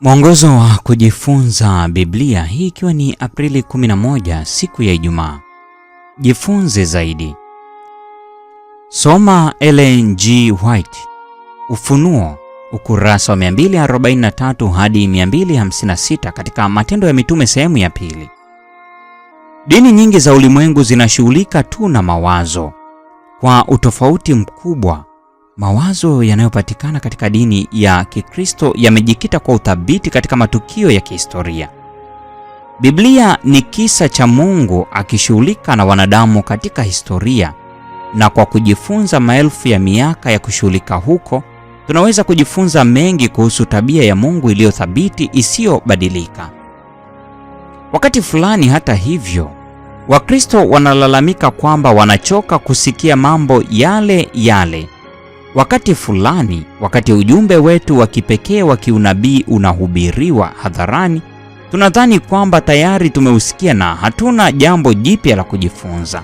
Mwongozo wa kujifunza Biblia, hii ikiwa ni Aprili 11, siku ya Ijumaa. Jifunze zaidi. Soma Ellen G. White, Ufunuo, ukurasa wa 243 hadi 256 katika Matendo ya Mitume sehemu ya pili. Dini nyingi za ulimwengu zinashughulika tu na mawazo kwa utofauti mkubwa Mawazo yanayopatikana katika dini ya Kikristo yamejikita kwa uthabiti katika matukio ya kihistoria. Biblia ni kisa cha Mungu akishughulika na wanadamu katika historia, na kwa kujifunza maelfu ya miaka ya kushughulika huko, tunaweza kujifunza mengi kuhusu tabia ya Mungu iliyothabiti isiyobadilika. Wakati fulani, hata hivyo, Wakristo wanalalamika kwamba wanachoka kusikia mambo yale yale Wakati fulani, wakati ujumbe wetu wa kipekee wa kiunabii unahubiriwa hadharani, tunadhani kwamba tayari tumeusikia na hatuna jambo jipya la kujifunza.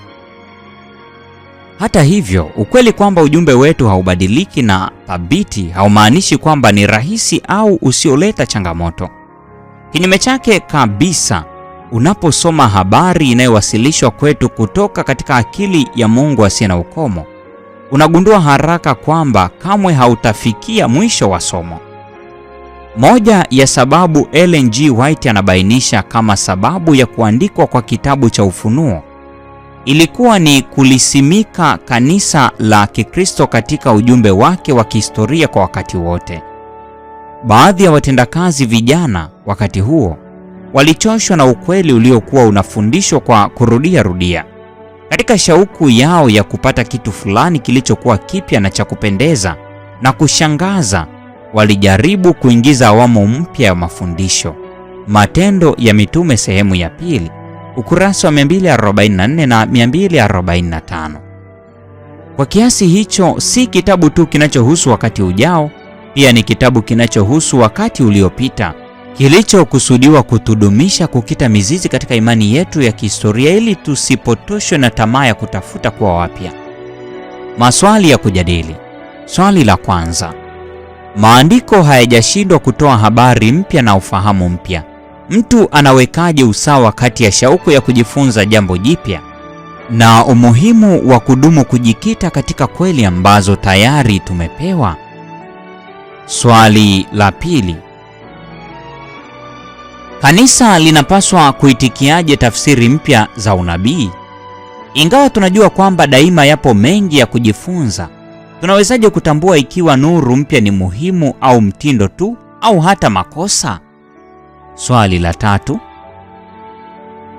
Hata hivyo, ukweli kwamba ujumbe wetu haubadiliki na thabiti haumaanishi kwamba ni rahisi au usioleta changamoto. Kinyume chake kabisa, unaposoma habari inayowasilishwa kwetu kutoka katika akili ya Mungu asiye na ukomo unagundua haraka kwamba kamwe hautafikia mwisho wa somo. Moja ya sababu Ellen G. White anabainisha kama sababu ya kuandikwa kwa kitabu cha Ufunuo ilikuwa ni kulisimika kanisa la Kikristo katika ujumbe wake wa kihistoria kwa wakati wote. Baadhi ya watendakazi vijana wakati huo walichoshwa na ukweli uliokuwa unafundishwa kwa kurudia rudia katika shauku yao ya kupata kitu fulani kilichokuwa kipya na cha kupendeza na kushangaza, walijaribu kuingiza awamu mpya ya mafundisho. Matendo ya Mitume sehemu ya pili, ukurasa wa 244 na 245. Kwa kiasi hicho, si kitabu tu kinachohusu wakati ujao, pia ni kitabu kinachohusu wakati uliopita kilichokusudiwa kutudumisha kukita mizizi katika imani yetu ya kihistoria ili tusipotoshwe na tamaa ya kutafuta kuwa wapya. Maswali ya kujadili. Swali la kwanza. Maandiko hayajashindwa kutoa habari mpya na ufahamu mpya. Mtu anawekaje usawa kati ya shauku ya kujifunza jambo jipya na umuhimu wa kudumu kujikita katika kweli ambazo tayari tumepewa? Swali la pili. Kanisa linapaswa kuitikiaje tafsiri mpya za unabii? Ingawa tunajua kwamba daima yapo mengi ya kujifunza, tunawezaje kutambua ikiwa nuru mpya ni muhimu au mtindo tu au hata makosa? Swali la tatu.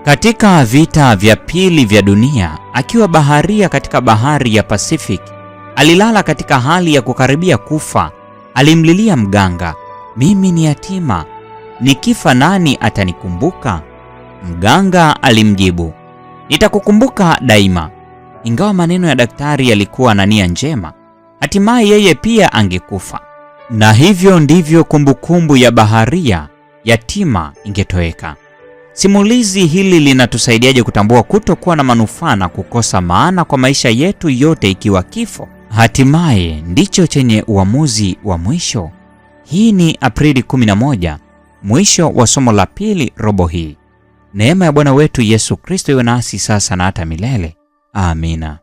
Katika vita vya pili vya dunia, akiwa baharia katika bahari ya Pacific, alilala katika hali ya kukaribia kufa. Alimlilia mganga, mimi ni yatima, nikifa nani atanikumbuka? Mganga alimjibu, nitakukumbuka daima. Ingawa maneno ya daktari yalikuwa na nia njema, hatimaye yeye pia angekufa, na hivyo ndivyo kumbukumbu ya baharia yatima ingetoweka. Simulizi hili linatusaidiaje kutambua kutokuwa na manufaa na kukosa maana kwa maisha yetu yote, ikiwa kifo hatimaye ndicho chenye uamuzi wa mwisho? Hii ni Aprili 11 mwisho wa somo la pili robo hii. Neema ya Bwana wetu Yesu Kristo iwe nasi sasa na hata milele. Amina.